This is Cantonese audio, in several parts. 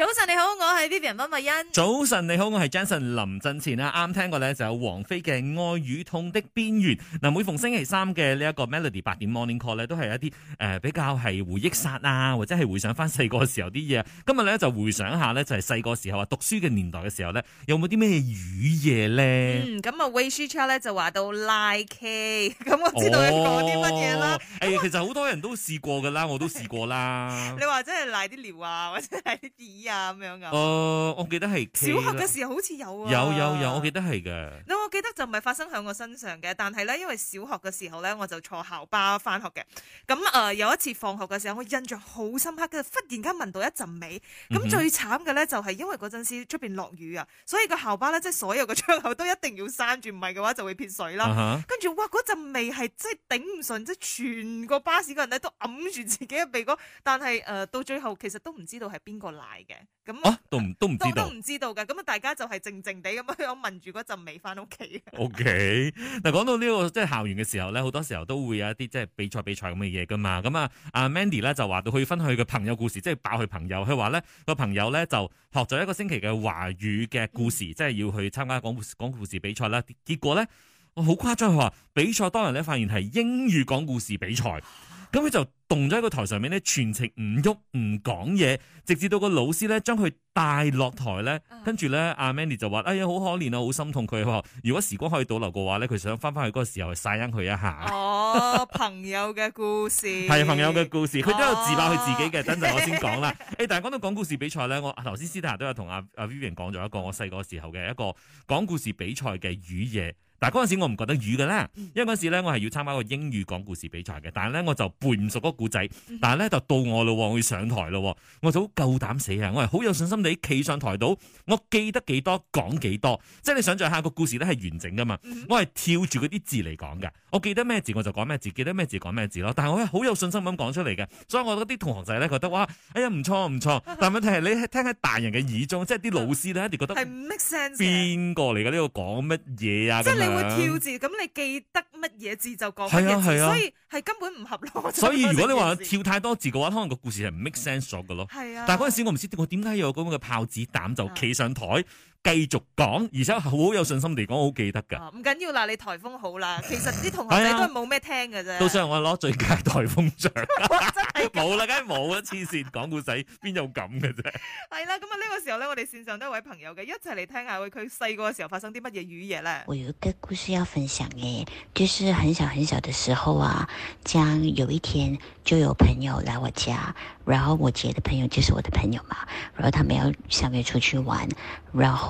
早晨你好，我係 Vivian 溫慧欣。早晨你好，我係 Jansen 林振前啦。啱、啊、聽過咧就有王菲嘅《愛與痛的邊緣》。嗱、啊，每逢星期三嘅呢一個 Melody 八點 Morning Call 咧，都係一啲誒比較係回憶殺啊，或者係回想翻細個時候啲嘢。今日咧就回想下咧，就係細個時候啊，讀書嘅年代嘅時候咧，有冇啲咩雨夜咧？嗯，咁啊 WeChat 咧就話到拉 K，咁我知道講啲乜嘢啦。誒，其實好多人都試過噶啦，我都試過啦。 你話真係拉啲尿啊，或者係啲咁樣噶，哦、呃，我記得係小學嘅時候好似有啊，有有有，我記得係嘅、嗯。我記得就唔係發生響我身上嘅，但係咧，因為小學嘅時候咧，我就坐校巴翻學嘅。咁、嗯、誒、呃，有一次放學嘅時候，我印象好深刻，嘅，忽然間聞到一陣味。咁、嗯、最慘嘅咧，就係、是、因為嗰陣時出邊落雨啊，所以個校巴咧，即係所有嘅窗口都一定要閂住，唔係嘅話就會撇水啦。跟住、uh huh. 哇，嗰陣味係真係頂唔順，即係全個巴士個人咧都揞住自己嘅鼻哥，但係誒、呃、到最後其實都唔知道係邊個瀨嘅。咁啊、哦，都唔都唔知道，都唔知道噶。咁啊，大家就係靜靜地咁樣聞住嗰陣味翻屋企。O K，嗱講到呢、這個即係、就是、校園嘅時候咧，好多時候都會有一啲即係比賽比賽咁嘅嘢噶嘛。咁啊，阿 Mandy 咧就話到去分享佢嘅朋友故事，即、就、係、是、爆佢朋友。佢話咧個朋友咧就學咗一個星期嘅華語嘅故事，嗯、即係要去參加講講故事比賽啦。結果咧，我好誇張佢話，比賽當日咧發現係英語講故事比賽。咁佢就動咗喺個台上面咧，全程唔喐唔講嘢，直至到個老師咧將佢帶落台咧，嗯、跟住咧阿 Mandy 就話，哎呀，好可憐啊，好心痛佢、哦。如果時光可以倒流嘅話咧，佢想翻翻去嗰個時候去晒恩佢一下。哦，朋友嘅故事係朋友嘅故事，佢都有自爆佢自己嘅。哦、等陣我先講啦。誒， 但係講到講故事比賽咧，我頭先私底下都有同阿阿 Vivian 講咗一個我細個時候嘅一個講故事比賽嘅雨夜。嗱，嗰陣時我唔覺得語嘅咧，因為嗰陣時咧我係要參加個英語講故事比賽嘅，但係咧我就背唔熟嗰個故仔，但係咧就到我咯，我要上台咯，我就好夠膽死啊！我係好有信心地企上台到，我記得幾多講幾多，即係你想象下個故事咧係完整嘅嘛，我係跳住嗰啲字嚟講嘅，我記得咩字我就講咩字，記得咩字講咩字咯，但係我係好有信心咁講出嚟嘅，所以我嗰啲同學仔咧覺得哇，哎呀唔錯唔錯，但係問題係你係聽喺大人嘅耳中，即係啲老師咧一定覺得邊、 邊個嚟嘅呢個講乜嘢啊？會跳字，咁你記得乜嘢字就講乜嘢字，係啊，係啊，所以係根本唔合邏輯。所以如果你話跳太多字嘅話，可能個故事係唔 make sense 咗嘅咯。係啊。但係嗰陣時我唔知我點解有咁嘅炮子膽就企上台。繼續講，而且好，好有信心地講，我好記得噶。唔緊要啦，你台風好啦。其實啲同學仔 都係冇咩聽噶啫、啊。都想我攞最佳台風獎。冇啦，梗係冇啦，黐線講故仔，邊有咁嘅啫。係啦、啊，咁啊呢個時候咧，我哋線上都有位朋友嘅，一齊嚟聽下佢佢細個嘅時候發生啲乜嘢雨嘢啦。我有一個故事要分享嘅，就是很小很小嘅時候啊，將有一天就有朋友嚟我家，然後我姐嘅朋友就是我的朋友嘛，然後他們要相約出去玩，然後。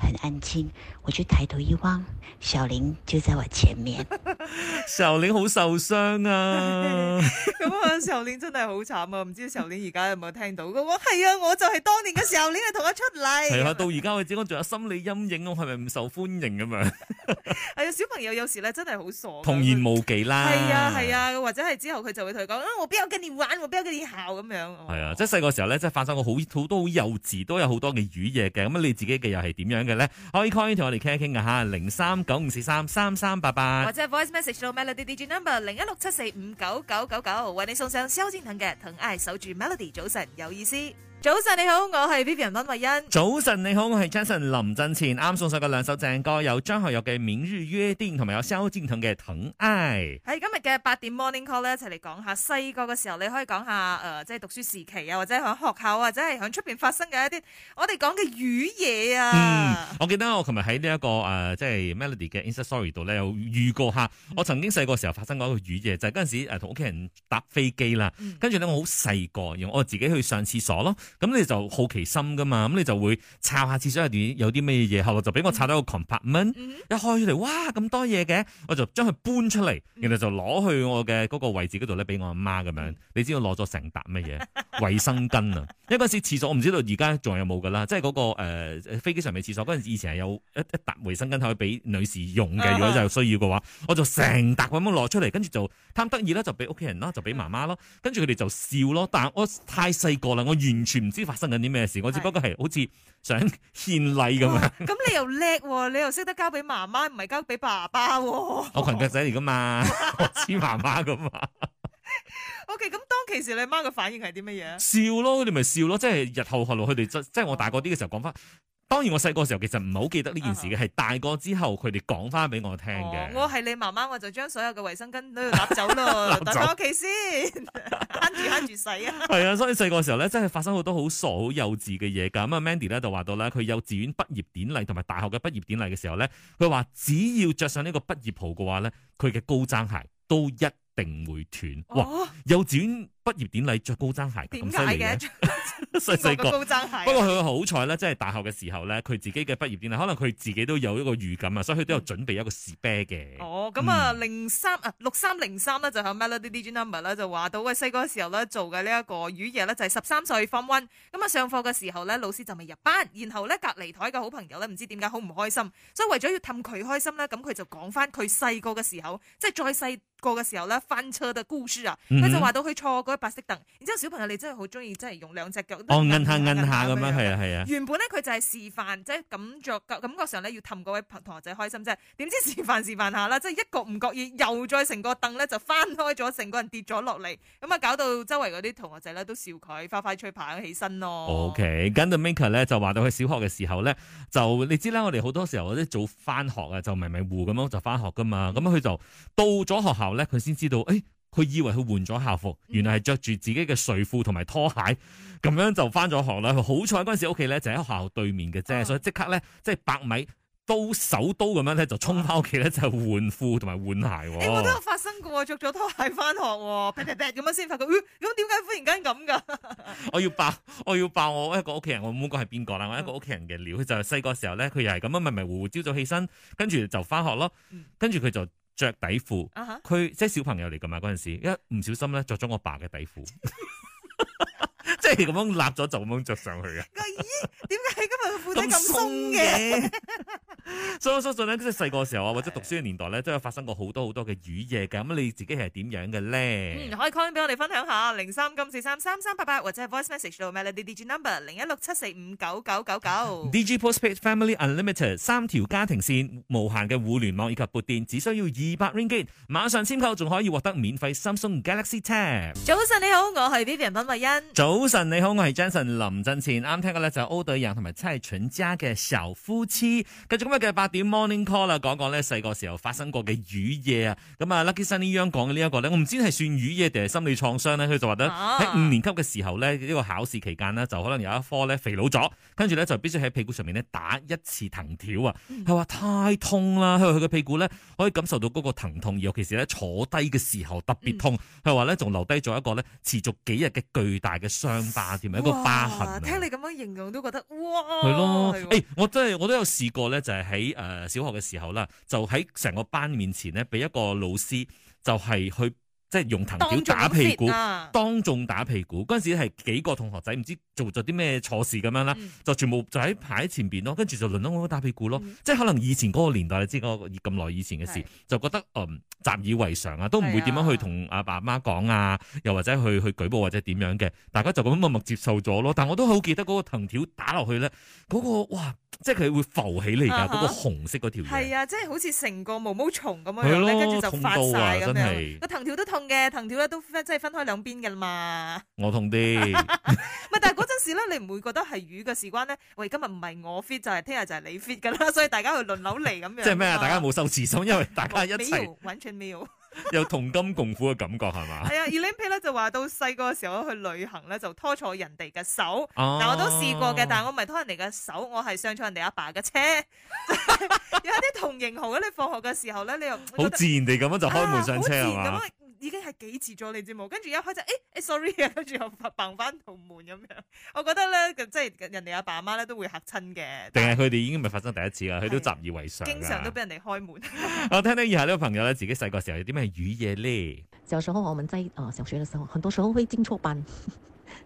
很安靜，我就抬頭一望，小玲就在我前面。小玲 好受傷啊！咁 啊，小玲真係好慘啊！唔知小玲而家有冇聽到？我係啊，我就係當年嘅小玲，係同佢出嚟。係啊，到而家我只我仲有心理陰影，我係咪唔受歡迎咁樣？係啊，小朋友有時咧真係好傻，童言無忌啦。係啊係啊，或者係之後佢就會同佢講，啊，我邊有跟你玩，我邊有跟你，有跟你、啊、笑咁樣。係啊，即係細個時候咧，即係發生過好好多好幼稚，都有好多嘅瘀嘢嘅。咁你自己嘅又係點樣？ 可以 call 同我哋傾一傾噶吓。零三九五四三三三八八，或者係 voice message 到 Melody Digi number 零一六七四五九九九九，為你送上蕭敬騰嘅《疼愛守住 Melody》，早晨有意思。早晨你好，我係 Vivian 溫慧欣。早晨你好，我係 Jason 林振前。啱送上嘅兩首正歌，有張學友嘅《明日約定》同埋有蕭敬騰嘅《疼愛》。喺今日嘅八點 Morning Call 咧，一齊嚟講下細個嘅時候，你可以講下誒，即係讀書時期啊，或者喺學校或者係喺出邊發生嘅一啲我哋講嘅雨夜啊。嗯，我記得我琴日喺呢一個誒、呃，即係 Melody 嘅 Instastory 度咧，有遇過下我曾經細個嘅時候發生過一個雨夜，就係嗰陣時誒同屋企人搭飛機啦。跟住咧我好細個，用我自己去上廁所咯。咁你就好奇心噶嘛，咁你就會拆下廁所入面有啲咩嘢，後來就俾我拆到個 compartment、嗯、一開出嚟，哇咁多嘢嘅，我就將佢搬出嚟，然後就攞去我嘅嗰個位置嗰度咧，俾我阿媽咁樣，你知道我攞咗成沓乜嘢？衛生巾啊！嗰陣 時廁所我唔知道而家仲有冇噶啦，即係嗰、嗰個誒、呃、飛機上面廁所嗰陣時以前係有一一沓衛生巾可以俾女士用嘅，如果就係需要嘅話，我就成沓咁樣攞出嚟，跟住就貪得意啦，就俾屋企人啦，就俾媽媽咯，跟住佢哋就笑咯，但我太細個啦，我完全，唔知發生緊啲咩事，我只不過係好似想獻禮咁樣。咁你又叻喎、啊，你又識得交俾媽媽，唔係交俾爸爸喎、啊。我窮夾仔嚟噶嘛， 我黐媽媽噶嘛。O K，咁當其時你媽嘅反應係啲乜嘢？笑咯，你咪笑咯，即係日後學落去，佢哋即即係我大個啲嘅時候講翻。當然我細個時候其實唔係好記得呢件事嘅，係、啊、大個之後佢哋講翻俾我聽嘅、哦。我係你媽媽，我就將所有嘅衛生巾都要攞走囉，攞翻屋企先，慳住慳住洗啊！係啊，所以細個時候咧，真係發生好多好傻好幼稚嘅嘢㗎。咁、嗯、啊，Mandy 咧就話到咧，佢幼稚園畢業典禮同埋大學嘅畢業典禮嘅時候咧，佢話只要着上呢個畢業袍嘅話咧，佢嘅高踭鞋都一定會斷。哦、哇！幼稚園。畢業典禮着高踭鞋，點解嘅？細細個高踭鞋。 鞋 不過佢好彩咧，即係大學嘅時候咧，佢自己嘅畢業典禮，可能佢自己都有一個預感啊，所以佢都有準備一個 speech 嘅，嗯。哦、咁、嗯哦呃，啊，零三啊六三零三咧就係 melody digit number 咧就話到喂，細個嘅時候咧做嘅呢一個雨夜咧就係十三歲 fun run 咁啊，上課嘅時候咧老師就未入班，然後咧隔籬台嘅好朋友咧唔知點解好唔開心，所以為咗要氹佢開心咧，咁佢就講翻佢細個嘅時候，即、就、係、是、再細個嘅時候咧翻車嘅故事啊。佢就話到佢錯過。白色凳，然之後小朋友你真係好中意，真係用兩隻腳。哦，摁下摁下咁樣，係啊係啊。原本咧佢就係示範，即係感覺感感覺上咧要氹嗰位同學仔開心啫。點知示範示範下啦，即係一個唔覺意，又再成個凳咧就翻開咗，成個人跌咗落嚟，咁啊搞到周圍嗰啲同學仔咧都笑佢，快快脆爬起身咯。OK，跟到 Maker 咧就話到佢小學嘅時候咧，就你知啦，我哋好多時候嗰啲早翻學啊，就迷迷糊咁樣就翻學噶嘛。咁佢就到咗學校咧，佢先知道，誒、欸。佢以為佢換咗校服，原來係着住自己嘅睡褲同埋拖鞋，咁樣就翻咗學啦。好彩嗰陣時屋企咧就喺學校對面嘅啫，所以即刻咧即係百米刀手刀咁樣咧就衝翻屋企咧就換褲同埋換鞋。誒，我都有發生過，着咗拖鞋翻學，劈劈劈咁樣先發覺，咁點解忽然間咁㗎？我要爆，我要爆！我一個屋企人，我唔好講係邊個啦。我一個屋企人嘅料就係細個時候咧，佢又係咁樣，咪咪胡胡朝早起身，跟住就翻學咯，跟住佢就着底褲，佢、uh huh. 即係小朋友嚟噶嘛？嗰陣時，一唔小心咧着咗我爸嘅底褲， 即係咁樣立咗就咁樣着上去啊！個 咦？點解今日個褲仔咁鬆嘅？ 所以相信咧，即係細個嘅時候啊，或者讀書嘅年代咧，都有發生過好多好多嘅雨夜嘅。咁你自己係點樣嘅咧？嗯，可以 call 翻俾我哋分享下，零三九四三三三八八，或者係 voice message 到 Melody DJ number 零一六七四五九九九九。DJ Postpaid Family Unlimited 三條家庭線，無限嘅互聯網以及撥電，只需要二百 ringgit。馬上簽購仲可以獲得免費 Samsung Galaxy Tab。早晨你好，我係 Vivian 品慧欣。早晨你好，我係 Jason 林振前。啱聽嘅咧就歐弟楊同埋蔡淳佳嘅小夫妻。繼續今日八點 morning call 啦，講講咧細個時候發生過嘅雨夜啊，咁啊 Lucky Sunny Young 講嘅呢、這、一個咧，我唔知係算雨夜定係心理創傷咧，佢就話咧喺五年級嘅時候咧呢、這個考試期間呢，就可能有一科咧肥佬咗，跟住咧就必須喺屁股上面咧打一次藤條啊，佢話、嗯、太痛啦，佢話佢嘅屁股咧可以感受到嗰個疼痛，而尤其是咧坐低嘅時候特別痛，佢話咧仲留低咗一個咧持續幾日嘅巨大嘅傷疤，同埋哇一個疤痕。聽你咁樣形容都覺得哇，係咯，誒咯，我真係我都有試過咧，就係、是。喺誒小學嘅時候啦，就喺成個班面前咧，俾一個老師就係、是、去即係、就是、用藤條打屁股，當眾、啊、打屁股。嗰陣時係幾個同學仔唔知做咗啲咩錯事咁樣啦，嗯、就全部就喺排喺前邊咯，跟住就輪到我打屁股咯。嗯、即係可能以前嗰個年代，你知個咁耐以前嘅事，是就覺得嗯習、呃、以為常啊，都唔會點樣去同阿爸阿媽講啊，又或者去去舉報或者點樣嘅，大家就咁默默接受咗咯。但我都好記得嗰個藤條打落去咧，嗰、嗰個哇～哇哇哇哇哇哇哇哇即係佢會浮起嚟噶，嗰、啊、哈個紅色嗰條嘢係啊，即係好似成個毛毛蟲咁樣樣，跟住咯就發晒咁樣。個、啊、藤條都痛嘅，藤條咧都即係分開兩邊噶嘛。我痛啲。咪 但係嗰陣時咧，你唔會覺得係魚嘅事關咧？喂，今日唔係我 fit 就係聽日就係你 fit 噶啦，所以大家去輪流嚟咁樣。 即係咩啊？大家冇收池心，因為大家一齊。完全沒有 有同甘共苦嘅感覺係嘛？係啊，Eleni 咧就話到細個嘅時候去旅行咧就拖錯人哋嘅手，oh. 但，但我都試過嘅，但係我唔係拖人哋嘅手，我係上錯人哋阿爸嘅車。有啲同型號嘅，你放學嘅時候咧，你又好自然地咁樣就開門上車係嘛，啊？ 幾次咗你知冇？跟住一開始，誒、欸、誒、欸、，sorry 啊！跟住又撲掹翻同門咁樣，我覺得咧，即係人哋阿爸阿媽咧都會吓親嘅。定係佢哋已經咪發生第一次啦？佢的都習以為常，經常都俾人哋開門。 我聽聽以下呢個朋友咧，自己細個時候有啲咩雨嘢咧？就小學我問仔，哦，小學嘅時候，很多時候會精錯班。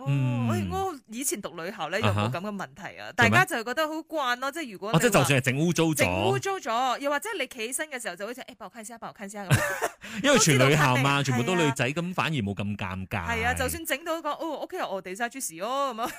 哦，我以前讀女校咧，有冇咁嘅問題啊？Uh-huh. 大家就覺得好慣咯，哦哦，即係如果即係就算係整污糟咗，整污糟咗，又或者你企起身嘅時候就好似：欸「哎，幫我看一下，幫我 因為全女校嘛，全部都女仔，咁反而冇咁尷尬。係啊，就算整到一個哦，O.K. 我哋揸住事哦，咁啊。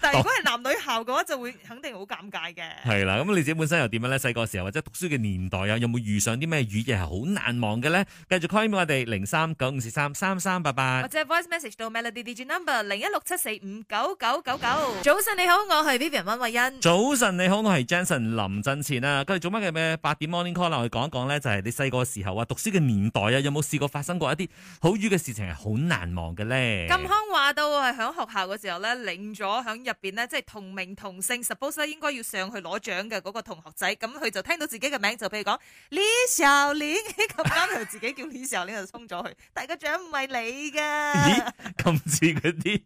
但係如果係男女校嘅話，就會肯定好尷尬嘅。係啦，咁你自己本身又點樣咧？細個時候或者讀書嘅年代啊，有冇遇上啲咩語言係好難忘嘅咧？繼續 call 我哋零三九五四三三三八八，或者 voice message 到 melody digital number 零一六七四五九九九九。早晨你好，我係 Vivian 温慧欣。早晨你好，我係 Jensen 林振前啊。今日做乜嘅咩八點 morning call？我哋講一講咧，就係你細個時候啊，讀書嘅年代。有有冇試過發生過一啲好瘀嘅事情係好難忘嘅咧？金康話到係喺學校嘅時候咧，領咗喺入邊咧，即係同名同姓，suppose 咧應該要上去攞獎嘅嗰個同學仔，咁佢就聽到自己嘅名，就譬如講 Lisa Lee，咁啱自己叫 Lisa Lee 就衝咗去， 但係個獎唔係你嘅。咦？咁似嗰啲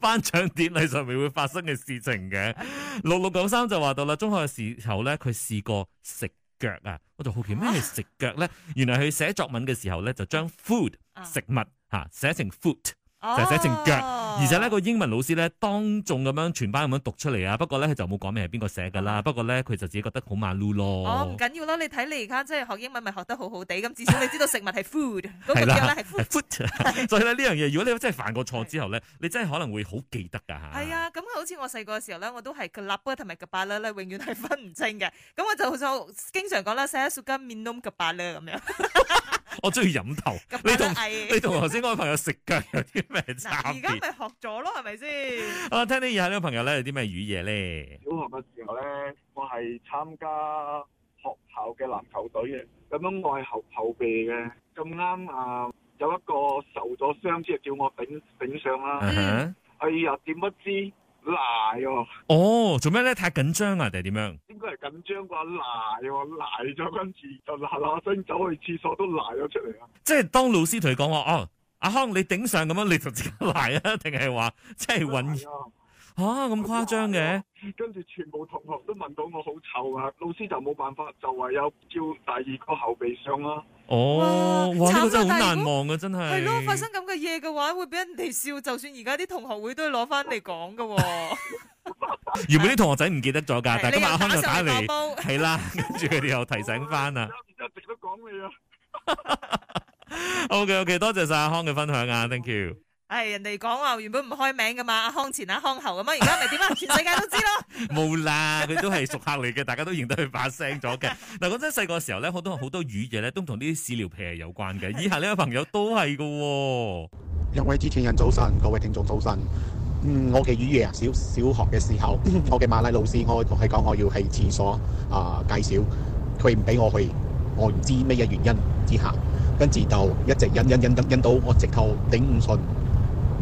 頒獎典禮上面會發生嘅事情嘅。六六九三就話到啦，中學嘅時候咧，佢試過食。腳啊，我就好奇咩食腳咧？ 原來，佢寫作文嘅時候咧，就將 food 食物吓寫、啊、成 foot。就寫成腳，而且呢個英文老師咧當眾咁樣全班咁樣讀出嚟啊！不過咧佢就冇講明係邊個寫噶啦，不過咧佢就自己覺得好馬碌咯。哦，唔緊要啦，你睇你而家即係學英文咪學得好好地，咁至少你知道食物係 food，嗰個腳咧係 foot。所以呢樣嘢，如果你真係犯過錯之後咧， 你真係可能會好記得噶吓。係啊，咁好似我細個嘅時候咧，我都係個 lap 啦同埋個 baler 永遠係分唔清嘅。咁我就就經常講啦，寫咗個 minimum baler 咁樣。 我中意飲頭，你同你同頭先嗰位朋友食腳有啲咩差別？而家咪學咗咯，係咪先？啊， 聽，聽下呢位朋友咧有啲咩語嘢咧？小學嘅時候咧，我係參加學校嘅籃球隊嘅，咁樣我係後後備嘅，咁啱啊有一個受咗傷，之後叫我頂頂上啦。Uh huh. 哎呀，點不知！瀨哦！哦，做咩咧？太緊張啊，定係點樣？應該係緊張啩，瀨哦，瀨咗跟住就嗱嗱聲走去廁所都瀨咗出嚟啦。即係當老師同佢講話哦，阿康你頂上咁樣，你同自己瀨啊？定係話即係搵？吓，咁誇張嘅？跟住，全部同學都問到我好臭啊，老師就冇辦法，就唯有照第二個後備相啦。哦，慘真係好難忘啊，真係係咯，發生咁嘅嘢嘅話，會俾人哋笑，就算而家啲同學會都要攞翻嚟講噶。原本啲同學仔唔記得咗噶，但係今日阿康就打嚟，係啦，跟住佢哋又提醒翻啊。唔知我點都講你啊。OK OK，多謝晒阿康嘅分享啊，Thank you。係、哎、人哋講話原本唔開名噶嘛，康前啊，康後咁啊。而家咪點啊，全世界都知咯。冇 啦，佢都係熟客嚟嘅，大家都認得佢把聲咗嘅嗱。講真，細個時候咧，好多好多語嘢咧都同呢啲屎尿屁有關嘅。以下呢位朋友都係噶、喔。各位主持人早晨，各位聽眾早晨。嗯，我嘅語嘢啊，小小學嘅時候，我嘅馬拉老師，我同佢講我要去廁所啊、呃，介紹佢唔俾我去，我唔知咩嘅原因之下，跟住就一直忍忍忍忍忍到我直頭頂唔順。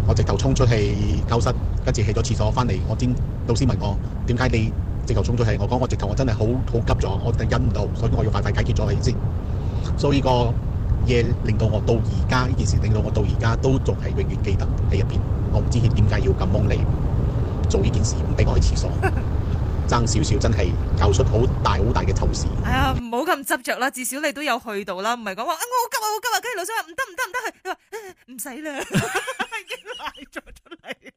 我直頭衝出去教室，跟住去咗廁所翻嚟，我先老師問我點解你直頭衝出去？我講我直頭我真係好好急咗，我忍唔到，所以我要快快解決咗佢先。所以呢個嘢，令到我到而家呢件事令到我到而家都仲係永遠記得喺入邊。我唔知佢點解要咁掹你，做呢件事唔俾我去廁所。爭少少真係搞出好大好大嘅醜事。係啊、哎，唔好咁執着啦，至少你都有去到啦，唔係講話我好急啊好急啊！跟住老師話唔得唔得唔得去，你話唔使啦，已經拉咗出嚟。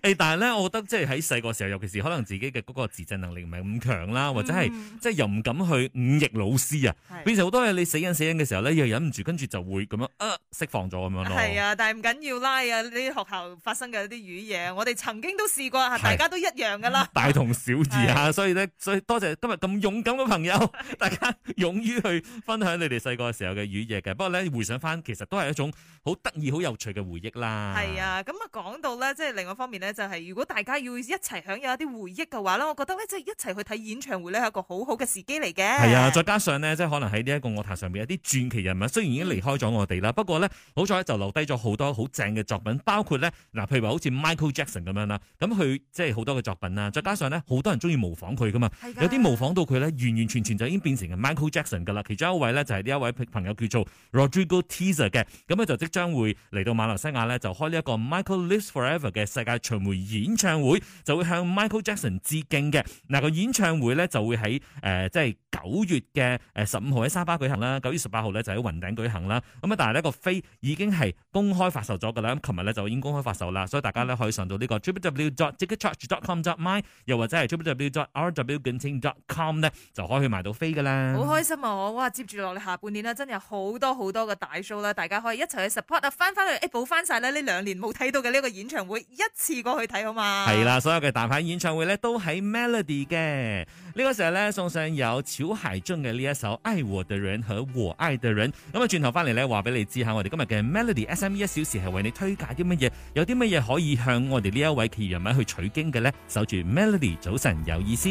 啊、但係咧，我覺得即係喺細個時候，尤其是可能自己嘅嗰個自制能力唔係咁強啦，或者係即係又唔敢去忤逆老師啊。變成好多嘢，你死緊死緊嘅時候咧，又忍唔住，跟住就會咁樣啊釋放咗咁樣咯。係啊，但係唔緊要啦。啊！呢啲學校發生嘅啲淤嘢，我哋曾經都試過大家都一樣噶啦。大同小。啊！所以咧，所以多謝今日咁勇敢嘅朋友，的大家勇於去分享你哋細個時候嘅瘀嘢嘅。不過咧，回想翻其實都係一種好得意、好有趣嘅回憶啦。係啊，咁啊講到咧，即係另外一方面咧，就係、是、如果大家要一齊享有一啲回憶嘅話咧，我覺得咧，即係一齊去睇演唱會咧，係一個好好嘅時機嚟嘅。係啊，再加上咧，即係可能喺呢一個樂壇上邊有啲傳奇人物，雖然已經離開咗我哋啦，嗯、不過咧，好彩就留低咗好多好正嘅作品，包括咧嗱，譬如話好似 Michael Jackson 咁樣啦，咁佢即係好多嘅作品啦。再加上咧，好多人。中意模仿佢噶嘛。有啲模仿到佢咧，完完全全就已經變成 Michael Jackson 噶啦。其中一位咧就係呢一位朋友叫做 Rodrigo Teaser 嘅，咁咧就即將會嚟到馬來西亞咧，就開呢一個 Michael Lives Forever 嘅世界巡迴演唱會，就會向 Michael Jackson 致敬嘅。嗱，個演唱會咧就會喺誒即係九月嘅誒十五號喺沙巴舉行啦，九月十八號咧就喺雲頂舉行啦。咁啊，但係呢個飛已經係公開發售咗噶啦。咁琴日咧就已經公開發售啦，所以大家咧可以上到呢個 www.digitalcharge.com.my，又或者係。rwgenting.com 咧就可以去買到飛噶啦，好開心啊！我哇接住落嚟下半年咧，真係好多好多嘅大 show 啦，大家可以一齊去 support 啊！翻翻去補翻晒啦，呢兩年冇睇到嘅呢個演唱會，一次過去睇好嘛？係啦，所有嘅大牌演唱會呢都喺 Melody 嘅呢、這個時候呢，送上有裘海正嘅呢一首《愛我的人和我愛的人》。咁啊，轉頭翻嚟呢，話俾你知下，我哋今日嘅 Melody SME 一小時係、嗯、為你推介啲乜嘢？有啲乜嘢可以向我哋呢一位企業家去取經嘅呢？守住 Melody 早晨。有意思。